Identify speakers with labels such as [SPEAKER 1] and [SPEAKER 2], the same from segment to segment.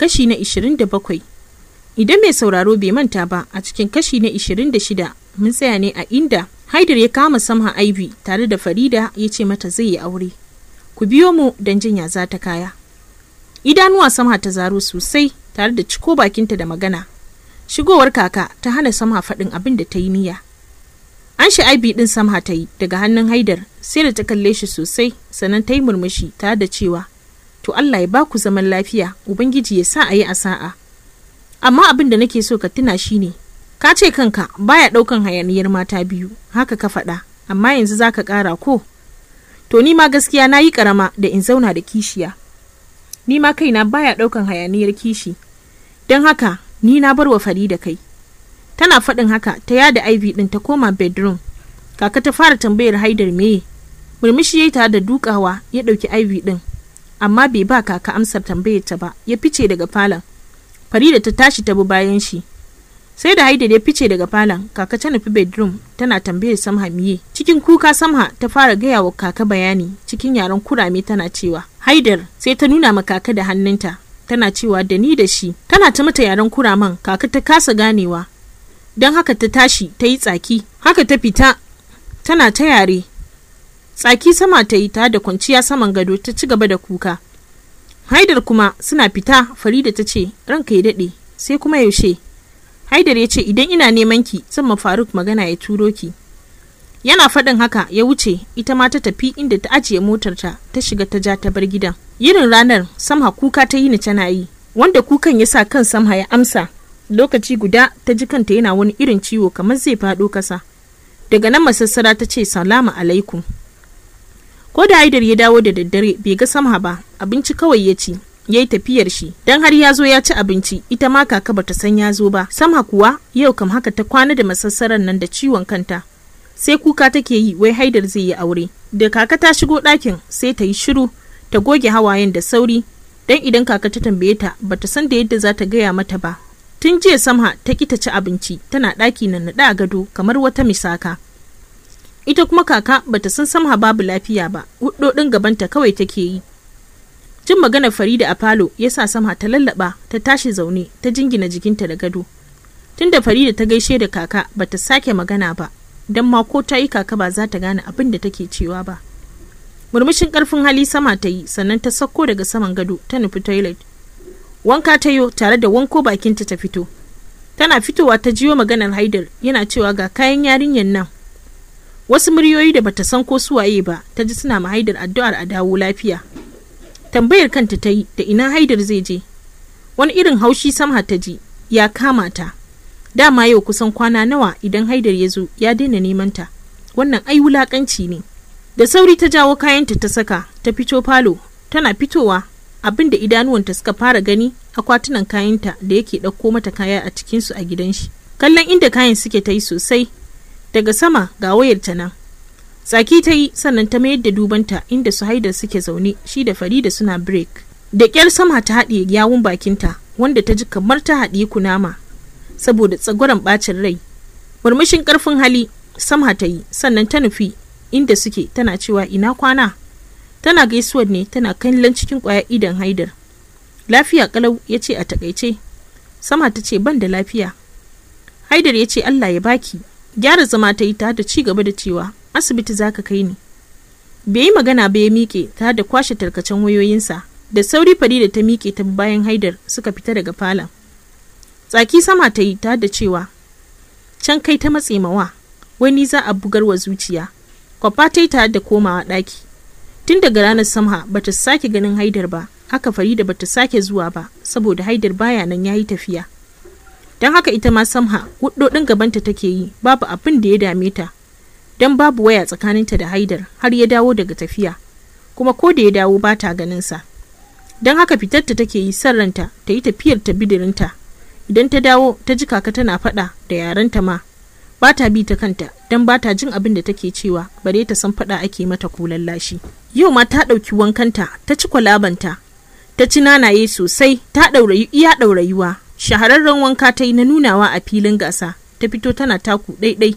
[SPEAKER 1] kashi na 27 idan mai sauraro bai manta ba a cikin kashi na 26 mun tsaya ne a inda haidar ya kama samha iv tare da farida ya ce mata zai yi aure ku biyo mu don jinya za ta kaya idanuwa samha ta zaro sosai tare da ciko bakinta da magana shigowar kaka ta hana samha faɗin abin da ta yi niyya an shi aibi ɗin samha ta yi daga hannun haidar sai da ta kalle shi sosai sannan ta yi murmushi tare da cewa to Allah ya ba ku zaman lafiya ubangiji ya sa a yi asa'a amma abin da nake so ka tuna shi ne. ka ce kanka baya ɗaukan hayaniyar mata biyu haka ka faɗa amma yanzu za ka ƙara ko to ni ma gaskiya na yi ƙarama da in zauna da kishiya ni ma kaina baya ɗaukan hayaniyar kishi don haka ni na bar wa fari da kai tana faɗin haka ta yada ivy ɗin ta koma bedroom kaka ta fara tambayar haidar meye murmushi ya yi tare da dukawa ya ɗauki ivy ɗin amma bai ba kaka amsar tambayar ta ba ya fice daga falon farida ta tashi ta bi bayan shi sai da haidar ya fice daga falon kaka ta nufi bedroom tana tambayar samha miye cikin kuka samha ta fara gaya wa kaka bayani cikin yaren kurame tana cewa haidar sai ta nuna ma kaka da hannunta tana cewa da ni da shi tana ta mata yaren kuraman kaka ta kasa ganewa don haka ta tashi ta yi tsaki haka ta fita tana ta yare tsaki sama ta yi ta da kwanciya saman gado ta ci gaba da kuka haidar kuma suna fita farida ta ce ranka ya daɗe sai kuma yaushe haidar ya ce idan ina neman ki zan ma faruk magana ya turo ki yana faɗin haka ya wuce ita ma ta tafi inda ta ajiye motarta ta shiga ta ja ta bar gidan yirin ranar samha kuka ta yi ni tana yi wanda kukan ya sa kan samha ya amsa lokaci guda ta ji kanta yana wani irin ciwo kamar zai faɗo ƙasa. daga nan masassara ta ce salamu alaikum ko da haidar ya dawo da daddare bai ga samha ba abinci kawai ya ci ya yi tafiyar shi don har ya zo ya ci abinci ita ma kaka bata san ya zo ba samha kuwa yau kam haka ta kwana da masassaran nan da ciwon kanta sai kuka take yi wai haidar zai yi aure da kaka ta shigo ɗakin sai ta yi shiru ta goge hawayen da sauri don idan kaka ta tambaye ta bata san da yadda za ta gaya mata ba tun jiya samha ta ki ta ci abinci tana ɗaki na naɗa a gado kamar wata misaka ita kuma kaka bata san samha babu lafiya ba gaban gabanta kawai take yi jin magana farida a falo ya sa samha ta lallaba ta tashi zaune ta jingina jikinta da gado tunda farida ta gaishe da kaka bata sake magana ba don ma ko ta yi kaka ba za ta gane abin da take cewa ba murmushin karfin hali sama ta yi sannan ta sauko daga saman gado ta nufi toilet wanka ta yo tare da wanko bakinta ta fito tana fitowa ta jiyo maganar haidar yana cewa ga kayan yarinyar nan wasu muryoyi da bata san ko su waye ba ta ji suna ma haidar addu'ar a dawo lafiya tambayar kanta ta yi da ina haidar zai je wani irin haushi samha ta ji ya kama ta dama yau kusan kwana nawa idan haidar ya zo ya daina neman ta wannan ai wulakanci ne da sauri ta jawo kayanta ta saka ta fito falo tana fitowa abin da idanuwanta suka fara gani akwatunan kayanta da yake ɗauko mata kaya a cikinsu a gidan shi kallon inda kayan suke ta yi sosai daga sama ga wayar ta nan tsaki ta yi sannan ta mayar da dubanta inda su haidar suke zaune shi da farida suna break da ƙyar sama ta haɗiye yawun bakinta wanda ta ji kamar ta haɗiye kunama saboda tsagwaron ɓacin rai murmushin ƙarfin hali sama ta yi sannan ta nufi inda suke tana cewa ina kwana tana gaisuwar ne tana kallon cikin ƙwaya, idan haidar lafiya ƙalau ya ce a takaice sama ta ce ban da lafiya haidar ya ce allah ya baki gyara zama ta yi ta da ci gaba da cewa asibiti za ka kai ni bai yi magana ba ya miƙe ta da kwashe tarkacen wayoyinsa da sauri fari da ta miƙe ta bayan haidar suka fita daga falon tsaki sama ta yi ta da cewa can kai ta matse mawa wani za a bugar wa zuciya kwafa ta yi ta da komawa ɗaki tun daga ranar samha bata sake ganin haidar ba haka fari farida bata sake zuwa ba saboda haidar baya nan ya yi tafiya don haka ita ma samha huddodin gabanta take yi babu abin da ya dame ta don babu waya tsakaninta da haidar har ya dawo daga tafiya kuma ko da ya dawo ba ta sa don haka fitarta take yi sarranta ta yi tafiyar ta bidirinta idan ta dawo ta ji kaka tana faɗa da yarenta ma ba ta bi ta kanta don ba ta jin abin da take cewa bare ta san faɗa ake mata kulan lashi yau ma ta ɗauki wankanta ta ci kwalabanta ta ci nanaye sosai ta ɗaurayi iya ɗaurayuwa shahararren wanka ta yi na nunawa a filin gasa ta fito tana taku ɗaiɗai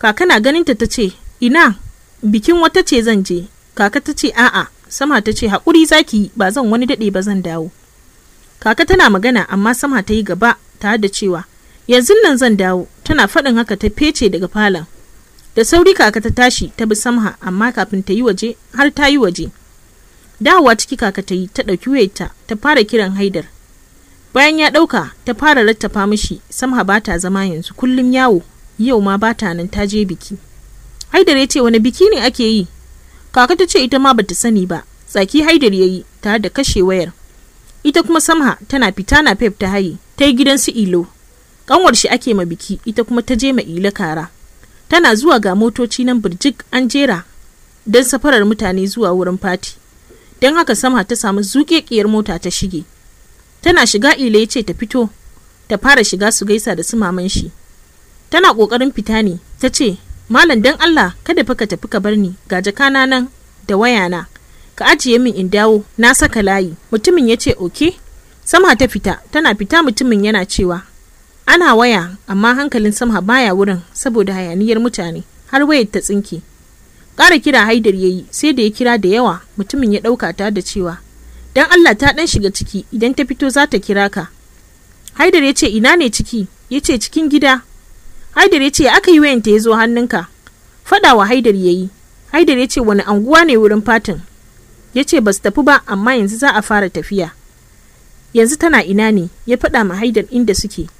[SPEAKER 1] kaka na ganinta ta ce ina bikin wata ce zan je kaka ta ce a'a sama ta ce haƙuri zaki ba zan wani daɗe ba zan dawo kaka tana magana amma sama ta yi gaba tare da cewa yanzu nan zan dawo tana faɗin haka ta fece daga falon da sauri kaka ta tashi ta bi samha amma kafin ta yi waje har ta yi waje dawowa ciki kaka ta yi ta ɗauki wayarta ta fara kiran haidar bayan ya ɗauka ta fara rattafa mishi samha ba ta zama yanzu kullum yawo yau ma ba ta nan ta je biki haidar ya ce wani biki ne ake yi kaka ta ce ita ma bata sani ba tsaki haidar ya yi tare da kashe wayar ita kuma samha tana fita na fef ta haye ta yi gidan su ilo kanwar shi ake ma biki ita kuma ta je ma ila kara tana zuwa ga motoci nan birjik an jera don safarar mutane zuwa wurin fati don haka samha ta samu zuƙeƙiyar mota ta shige tana shiga ile ya ce ta fito ta fara shiga su gaisa da su maman shi tana ƙoƙarin fita ne ta ce malam don allah kada fa ka tafi ka bar ni ga jakana nan da wayana ka ajiye min in dawo na saka layi mutumin ya ce oke sama ta fita tana fita mutumin yana cewa ana waya amma hankalin sama baya wurin saboda hayaniyar mutane har wayar ta tsinke ƙara kira haidar ya yi sai da ya kira da yawa mutumin ya ɗauka ta da cewa dan Allah ta ɗan shiga ciki idan ta fito za ta kira ka. Haidar ya ce ina ne ciki, ya ce cikin gida. Haidar ya ce aka yi wayanta ya zo hannunka. Faɗa wa Haidar ya yi. Haidar ya ce wani anguwa ne wurin fatin. Ya ce ba tafi ba amma yanzu za a fara tafiya. Yanzu tana ina ne ya faɗa ma Haidar inda suke.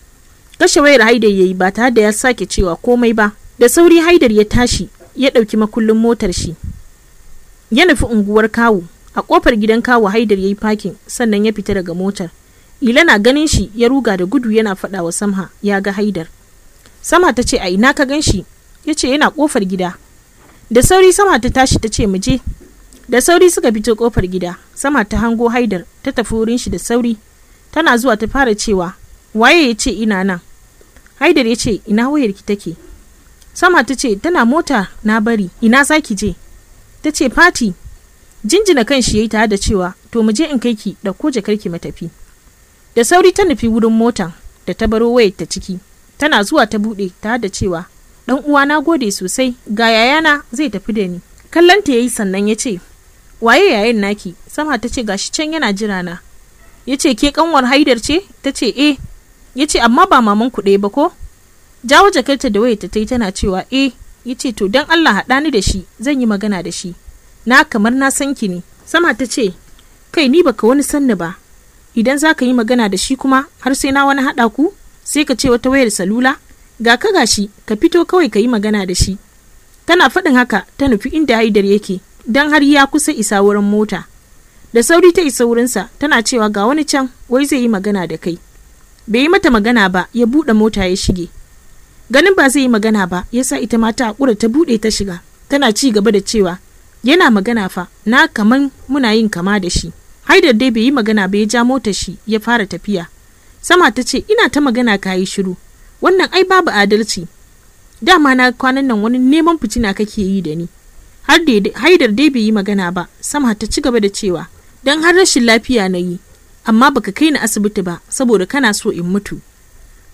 [SPEAKER 1] Kashe wayar Haidar ya yi ba tare da ya sake cewa komai ba. Da sauri Haidar ya tashi ya ɗauki makullin motar shi. Ya nufi unguwar kawu a kofar gidan kawo haidar ya yi fakin sannan ya fita daga motar ila na ganin shi ya ruga da gudu yana faɗa wa samha ya ga haidar sama ta ce a ina ka gan shi ya ce yana kofar gida da sauri sama ta tashi ta ce mu je da sauri suka fito kofar gida sama ta hango haidar ta tafi wurin shi da sauri tana zuwa ta fara cewa waye ya ce ina nan haidar ya ce ina ki take sama ta ce tana mota na bari ina zaki je ta ce fati jinjina kan shi ya yi tare da cewa to mu je in kai ki da ko jakarki matafi da sauri ta nufi wurin motan da ta baro wayar ta ciki tana zuwa ta bude tare da cewa dan uwa na gode sosai ga yayana zai tafi da ni kallon ta yayi sannan ya ce waye yayin naki sama ta ce gashi can yana jira na ya ce ke kanwar haidar ce ta ce eh ya ce amma ba maman ku ɗaya ba ko jawo jakarta da wayar ta tana cewa eh ya ce to dan allah haɗa ni da shi zan yi magana da shi na kamar na san ki ne sama ta ce kai ni baka wani sanni ba idan za ka yi magana da shi kuma har sai na wani haɗa ku sai ka ce wata wayar salula ga ka gashi ka fito kawai ka yi magana da shi tana faɗin haka ta nufi inda haidar yake don har ya kusa isa wurin mota da sauri ta isa wurinsa tana cewa ga wani can wai zai yi magana da kai bai yi mata magana ba ya buɗe mota ya shige ganin ba zai yi magana ba ya sa ita mata ta ta buɗe ta shiga tana ci gaba da cewa yana magana fa na kaman muna yin kama da shi haidar dai bai yi magana ba ya ja mota shi ya fara tafiya sama ta ce ina ta magana ka yi shiru wannan ai babu adalci dama na kwanan nan wani neman fitina kake yi da ni har haidar dai bai yi magana ba sama ta ci gaba da cewa don har rashin lafiya na yi amma baka kai ni asibiti ba saboda kana so in mutu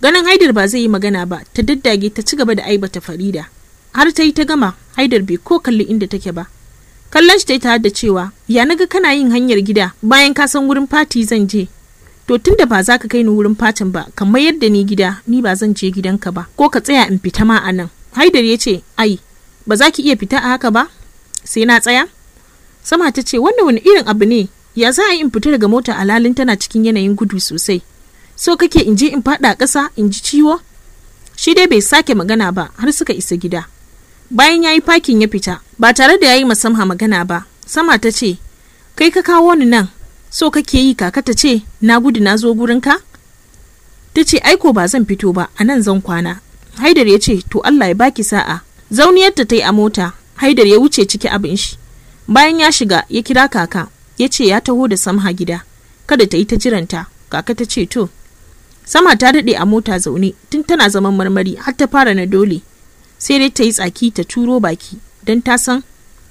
[SPEAKER 1] ganin haidar ba zai yi magana ba ta daddage ta ci gaba da aibata farida har ta yi ta gama haidar bai ko kalli inda take ba kallon shi ta yi da cewa ya naga kana yin hanyar gida bayan ka san wurin fati zan je to tun da ba za ka kai ni wurin fatin ba kamar yadda ni gida ni ba zan je gidanka ba ko ka tsaya in fita ma a nan haidar ya ce ai ba za ki iya fita a haka ba sai na tsaya sama ta ce wannan wani irin abu ne ya za a yi in fita daga mota alalin tana cikin yanayin gudu sosai so kake in je in faɗa ƙasa in ji ciwo shi dai bai sake magana ba har suka isa gida bayan ya yi fakin ya fita ba tare da ya yayi musamman magana ba sama ta ce kai ka kawo ni nan so kake yi kaka ta ce na gudu na zo gurinka ta ce aiko ba zan fito ba a nan zan kwana haidar ya ce to allah ya baki sa'a zauniyar ta yi a mota haidar ya wuce ciki abin shi bayan ya shiga ya kira kaka ya ce ya taho da samha gida kada ta yi ta jiranta kaka ta ce to sama ta daɗe a mota zaune tun tana zaman marmari har ta fara na dole sai dai ta yi tsaki ta turo baki don ta san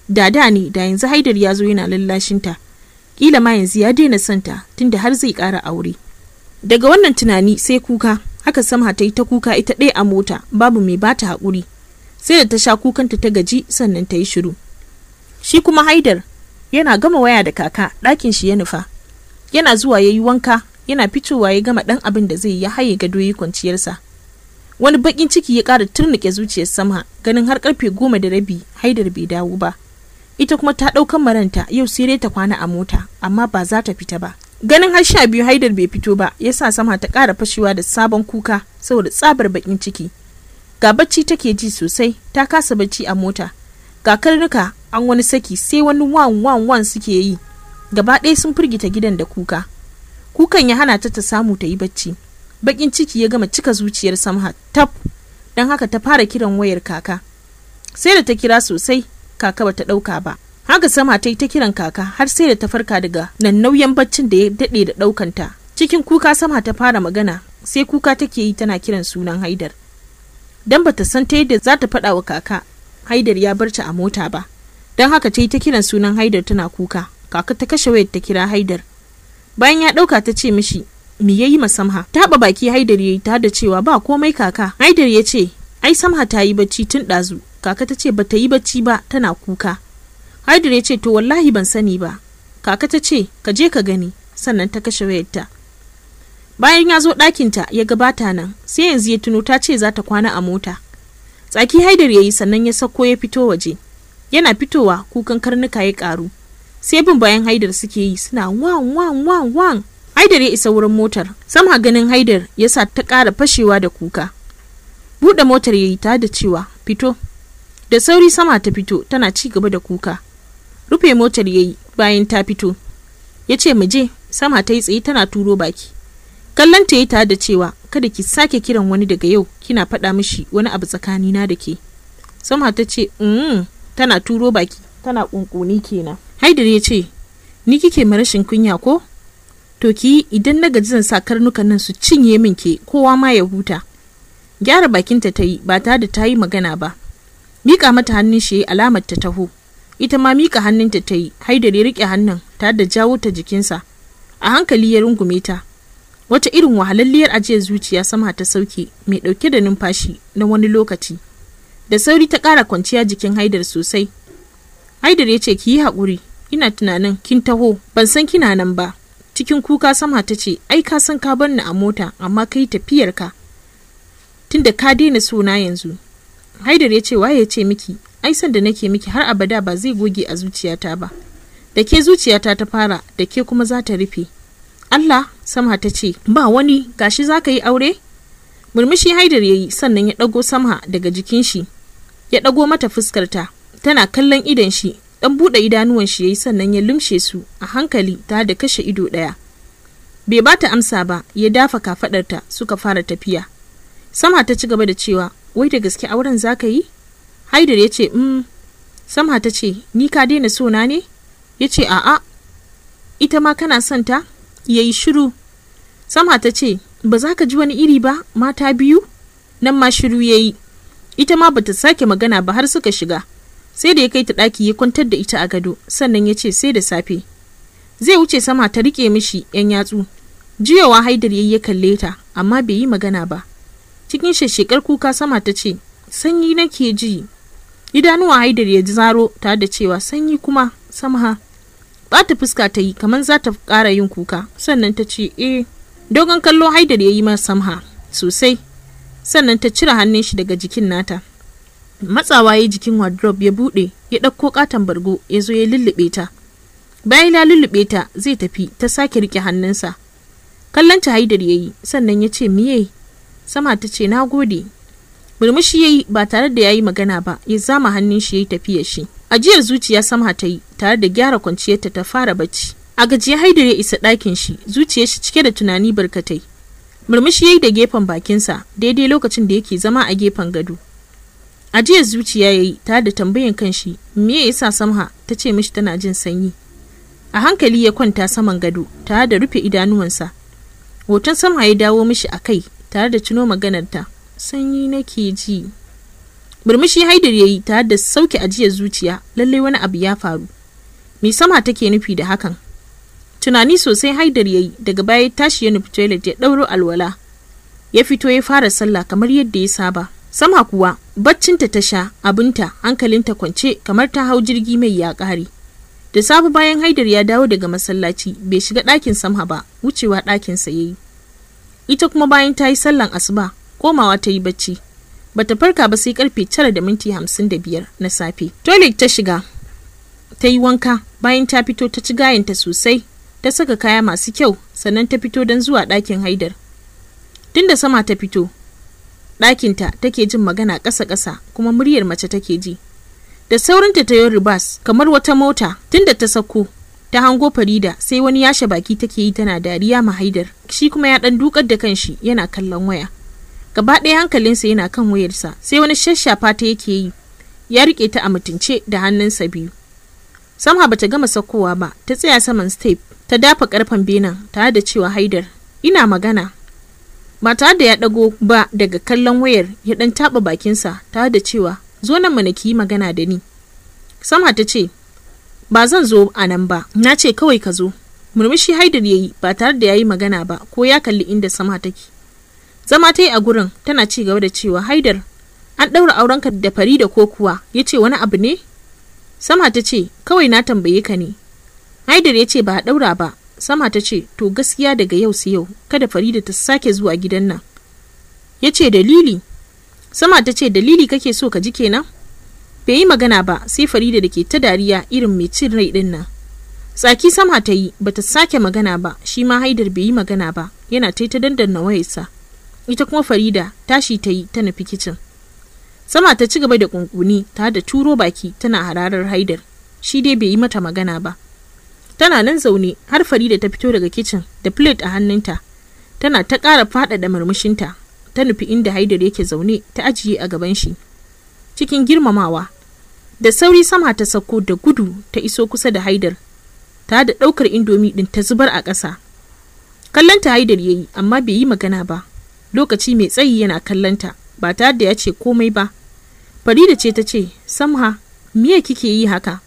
[SPEAKER 1] da da ne da yanzu haidar ya zo yana lallashinta kila ma yanzu ya daina son ta tunda har zai ƙara aure daga wannan tunani sai kuka haka samha ta yi ta kuka ita ɗaya a mota babu mai bata haƙuri sai da ta sha kukanta ta gaji sannan ta yi shiru shi kuma haidar yana gama waya da kaka ɗakin shi ya nufa yana zuwa ya yi wanka yana fitowa ya gama ɗan abin da zai ya haye gado yi kwanciyarsa wani bakin ciki ya kara turnike zuciyar sama ganin har karfe goma da rabi haidar bai dawo ba ita kuma ta daukan maranta yau sai dai ta kwana a mota amma ba za ta fita ba ganin har sha biyu haidar bai fito ba yasa sa sama ta kara fashewa da sabon kuka saboda tsabar bakin ciki ga bacci take ji sosai ta kasa bacci a mota ga karnuka an wani saki sai wani wan wan wan suke yi gaba ɗaya sun firgita gidan da kuka kukan ya hana ta ta samu ta yi bacci bakin ciki ya gama cika zuciyar samha tab don haka ta fara kiran wayar kaka sai da ta kira sosai kaka bata ɗauka ba haka sama ta yi ta kiran kaka har sai da ta farka daga nan nauyin baccin da ya daɗe da ɗaukanta cikin kuka sama ta fara magana sai kuka take yi tana kiran sunan haidar don bata san ta yadda za ta faɗa wa kaka haidar ya bar a mota ba don haka ta yi ta kiran sunan haidar tana kuka kaka ta kashe wayar ta kira haidar bayan ya ɗauka ta ce mishi me yayi samha. taɓa baki haidar yayi ta da cewa ba komai kaka haidar ya ce ai samha ta yi bacci tun ɗazu kaka ta ce bata yi bacci ba tana kuka haidar ya ce to wallahi ban sani ba kaka ta ce ka je ka gani sannan ta kashe wayarta bayan ya zo ɗakinta ya gabata nan sai yanzu ya tuno ta ce za ta kwana a mota tsaki haidar ya yi sannan ya sako ya fito waje yana fitowa kukan karnuka ya ƙaru sai bin bayan haidar suke yi suna wan wan wan wan haidar ya isa wurin motar sama ganin haidar ya sa ta ƙara fashewa da kuka buɗe motar ya yi ta da cewa fito da sauri sama ta fito tana ci gaba da kuka rufe motar ya yi bayan ta fito ya ce mu je sama ta yi tsaye tana turo baki kallon ta yi ta da cewa kada ki sake kiran wani daga yau kina faɗa mishi wani abu tsakanina da ke sama ta ce tana turo baki tana ƙunƙuni kenan haidar ya ce ni kike ma rashin kunya ko to ki idan na gaji zan sa karnukan nan su cinye min ke kowa ma ya huta gyara bakinta ta yi ba ta da ta yi magana ba mika mata hannun shi alamar ta taho ita ma mika hannun ta yi haidar ya riƙe hannun ta da jawo ta jikinsa a hankali ya rungume ta wata irin wahalalliyar ajiyar zuciya sama ta sauke mai dauke da numfashi na wani lokaci da sauri ta kara kwanciya jikin haidar sosai haidar ya ce ki yi haƙuri ina tunanin kin taho ban san kina nan ba cikin kuka sama ta ce ai ka san ka bar ni a mota amma kai tafiyar ka tunda ka daina suna yanzu haidar ya ce waye ya ce miki ai san da nake miki har abada ba zai goge a zuciyata ba da ke zuciyata ta fara da ke kuma za ta rufe Allah samha ta ce ba wani gashi za ka yi aure murmushi haidar ya yi sannan ya ɗago samha daga jikin shi ya ɗago mata fuskarta tana kallon idon shi dan buɗe idanuwan shi yayi sannan ya lumshe su a hankali ta da kashe ido ɗaya bai bata amsa ba ya dafa kafaɗarta suka fara tafiya sama ta ci gaba da cewa wai da gaske auren zaka yi haidar ya ce mm. sama ta ce ni ka daina sona ne ya ce a'a ita ma kana son ta ya yi shiru sama ta ce ba za ka ji wani iri ba mata biyu nan ma shiru ya yi ita ma bata sake magana ba har suka shiga sai da ya kai ta ɗaki ya kwantar da ita a gado sannan ya ce sai da safe zai wuce sama ta riƙe mishi yan yatsu jiyowa haidar ya kalle ta amma bai yi magana ba cikin shekar kuka sama ta ce sanyi nake ji idanuwa haidar ya zaro ta da cewa sanyi kuma samha bata fuska ta yi kamar za ta ƙara yin kuka sannan ta ce eh dogon kallo haidar ya yi masa samha sosai sannan ta cire hannun shi daga jikin nata matsawa ya jikin wardrobe ya buɗe ya ɗauko katon bargo ya zo ya lullube ta bayan ya lullube ta zai tafi ta sake rike hannunsa kallon ta haidar ya yi sannan ya ce miye sama ta ce na gode murmushi ya yi ba tare da ya yi magana ba ya zama hannun shi ya yi tafiya shi ajiyar zuciya sama ta yi tare da gyara kwanciyarta ta fara bacci a gajiya haidar ya isa ɗakin shi zuciyar shi cike da tunani barkatai murmushi ya yi da gefen bakinsa daidai lokacin da yake zama a gefen gado a jiya zuciya ya yi ta da tambayan kanshi me yasa Samha ta ce mishi tana jin sanyi. A hankali ya kwanta saman gado tare da rufe idanuwansa. Hoton Samha ya dawo mishi a kai tare da cino maganarta. Sanyi nake ji. Murmushi Haidar ya yi tare da sauke ajiyar zuciya lallai wani abu ya faru. Me Samha take nufi da hakan? Tunani sosai Haidar ya yi daga baya tashi ya nufi toilet ya ɗauro alwala. Ya fito ya fara sallah kamar yadda ya saba. Sama kuwa baccinta ta sha abinta hankalinta kwance kamar ta hau jirgi mai ya kare. Da safe bayan Haidar ya dawo daga masallaci bai shiga ɗakin Samha ba wucewa ɗakin sa yayi. Ita kuma bayan ta yi sallan asuba komawa ta yi bacci. Bata farka ba sai karfe tara da minti hamsin da biyar na safe. Toilet ta shiga ta yi wanka bayan ta fito ta ci gayanta sosai ta saka kaya masu kyau sannan ta fito don zuwa ɗakin haidar tunda sama ta fito ɗakinta take jin magana ƙasa-ƙasa kuma muryar mace take ji da saurinta ta tayo ribas kamar wata mota tunda ta sako ta hango farida sai wani yashe baki take yi tana dariya mahaidar shi kuma ya ɗan dukar da kanshi yana kallon waya gaba ɗaya hankalinsa yana kan wayarsa sai wani shashafa ta yake yi ya riƙe ta a mutunce da hannunsa biyu samha bata gama sakowa ba ta tsaya saman step ta dafa karfen benin tare da cewa haidar ina magana ba mata da ya ɗago ba daga kallon wayar ya ɗan taɓa bakinsa ta da cewa zo nan mana ki yi magana da ni sama ta ce ba zan zo a nan ba na ce kawai ka zo murmushi haidar ya yi ba tare da ya yi magana ba ko ya kalli inda sama take zama ta yi a gurin tana ci gaba da cewa haidar an ɗaura aurenka da fari da ko kuwa ya ce wani abu ne sama ta ce kawai na tambaye ka ne haidar ya ce ba a ɗaura ba sama ta ce to gaskiya daga yau su yau kada farida ta sake zuwa gidan nan ya ce dalili sama ta ce dalili kake so ka ji kenan bai yi magana ba sai farida da ke ta dariya irin mai cin rai din nan tsaki sama ta yi ba ta sake magana ba shi ma haidar bai yi magana ba yana ta ta na wayarsa ita kuma farida tashi ta yi ta nufi kicin sama ta ci gaba da kunkuni ta da turo baki tana hararar haidar shi dai bai yi mata magana ba tana nan zaune har farida ta fito daga kicin da plate a hannunta tana ta ƙara faɗaɗa murmushinta ta nufi inda haidar yake zaune ta ajiye a gaban shi cikin girmamawa da sauri sama ta sako da gudu ta iso kusa da haidar ta da ɗaukar indomi ɗin ta zubar a ƙasa kallonta haidar ya yi amma bai yi magana ba lokaci mai tsayi yana kallonta ba ta da ya ce komai ba farida ce ta ce samha miya kike yi haka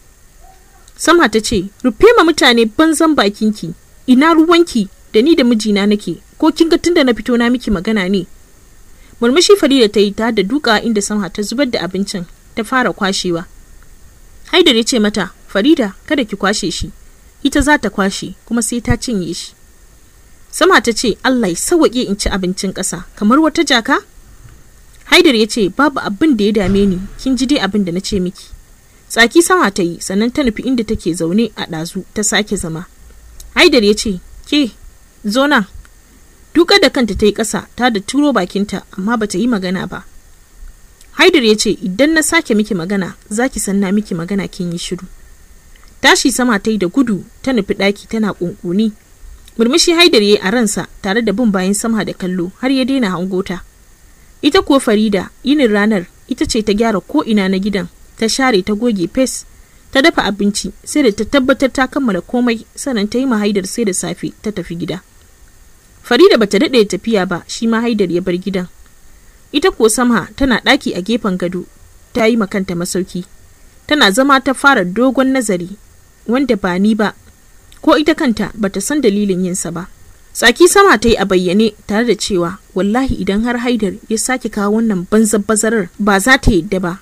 [SPEAKER 1] Sama ta ce, rufe ma mutane banzan bakinki, ina ruwanki da ni da mijina nake, ko kin ga tunda na fito na miki magana ne. Murmushi Farida ta yi ta da duka inda Samha ta zubar da abincin ta fara kwashewa. Haidar ya ce mata, Farida, kada ki kwashe shi, ita za ta kwashe kuma sai ta cinye shi. Sama ta ce, Allah ya sawaƙe in ci abincin ƙasa, kamar wata jaka? Haidar ya ce, babu abin da ya dame ni, kin ji dai abin da na ce miki. tsaki sama ta yi sannan ta nufi inda take zaune a ɗazu ta sake zama haidar ya ce ke zo nan dukar da kanta ta yi ƙasa ta da turo bakinta amma ba ta yi magana ba haidar ya ce idan na sake miki magana za ki san na miki magana kin yi shiru tashi sama ta yi da gudu ta nufi ɗaki tana ƙunƙuni murmushi haidar ya yi a ransa tare da bin bayan sama da kallo har ya daina hangota ita kuwa farida yinin ranar ita ce ta gyara ko ina na gidan ta share ta goge fes ta dafa abinci sai da ta tabbatar ta kammala komai sannan ta yi mahaidar sai da safe ta tafi gida farida bata daɗe tafiya ba shi mahaidar ya bar gidan ita ko samha tana ɗaki a gefen gado ta yi kanta masauki tana zama ta fara dogon nazari wanda ba ni ba ko ita kanta bata san dalilin yinsa ba tsaki sama ta yi a bayyane tare da cewa wallahi idan har haidar ya sake kawo wannan banzar bazarar ba za ta yadda ba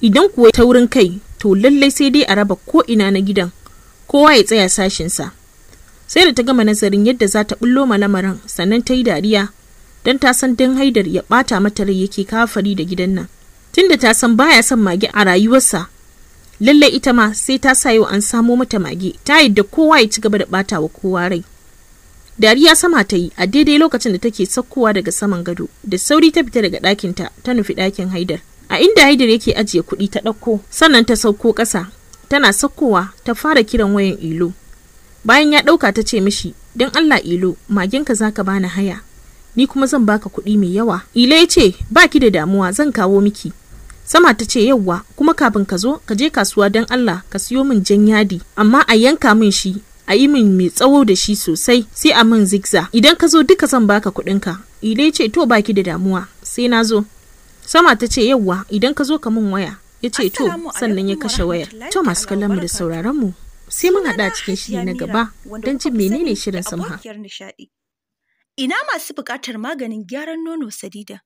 [SPEAKER 1] idan kuwa taurin kai to lallai sai dai a raba ko ina na gidan kowa ya tsaya sashinsa sai da ta gama nazarin yadda za ta bullo lamarin sannan ta yi dariya don ta san dan haidar ya bata mata rai yake kafari da gidan nan tunda ta san baya son mage a rayuwarsa lallai ita ma sai ta sa yau an samo mata mage ta yadda kowa ya ci gaba da bata wa kowa rai dariya sama ta yi a daidai lokacin da take sakkowa daga saman gado da sauri ta fita daga ɗakinta ta nufi ɗakin haidar a inda haidar yake ajiye kuɗi ta ɗauko sannan ta sauko ƙasa tana saukowa ta fara kiran wayan ilo bayan ya ɗauka ta ce mishi don allah ilo maginka za ka bani haya ni kuma zan baka kuɗi mai yawa ilo ya ce ba ki da damuwa zan kawo miki sama ta ce yauwa kuma kafin ka zo ka je kasuwa don allah ka siyo min jan yadi amma a yanka min shi a yi min mai tsawo da shi sosai sai a min zigza idan ka zo duka zan baka kuɗinka ile ce to baki da damuwa sai na zo sama ta ce yawwa idan ka zo ka waya ya ce to sannan ya kashe wayar to masu kallon da sauraron sai mun haɗa cikin shiri na gaba don jin menene shirin samha
[SPEAKER 2] ina masu buƙatar maganin gyaran nono sadida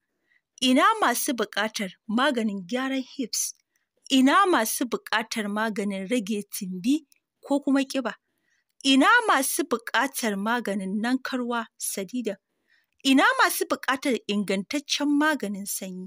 [SPEAKER 2] ina masu buƙatar maganin gyaran hips ina masu buƙatar maganin rage tumbi ko kuma ƙiba ina masu buƙatar maganin nankarwa sadida ina masu buƙatar ingantaccen maganin sanyi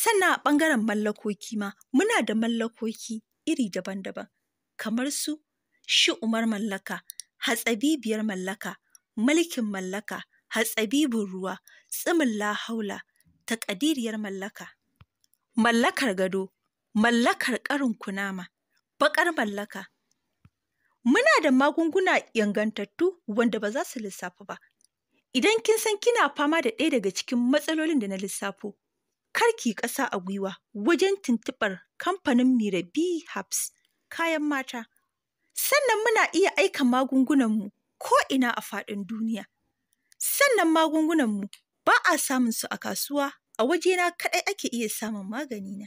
[SPEAKER 2] Sannan a ɓangaren mallakoki ma muna da mallakoki iri daban-daban kamar su shi mallaka, hatsabibiyar mallaka, mulkin mallaka, hatsabibin ruwa, tsimin lahaula, takadiriyar mallaka. Mallakar gado, mallakar ƙarin kunama, baƙar mallaka. Muna da magunguna ingantattu wanda ba za su lissafu ba. Idan kin san kina fama da ɗaya daga cikin matsalolin da na lissafo, kar ki ƙasa a gwiwa wajen tuntuɓar kamfanin Mirabi Hubs kayan mata. Sannan muna iya aika magungunanmu ko ina a faɗin duniya. Sannan magungunanmu ba a samun su a kasuwa a wajena kaɗai ake iya samun magani na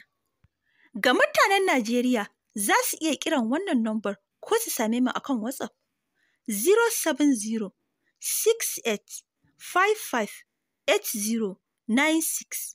[SPEAKER 2] Ga mutanen Najeriya za su iya kiran wannan nombar ko su same mu akan WhatsApp 070 68 55 six.